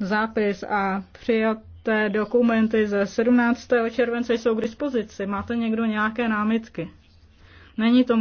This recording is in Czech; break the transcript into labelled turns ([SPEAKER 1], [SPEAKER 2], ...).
[SPEAKER 1] Zápis a přijaté dokumenty ze 17. července jsou k dispozici. Máte někdo nějaké námitky? Není tomu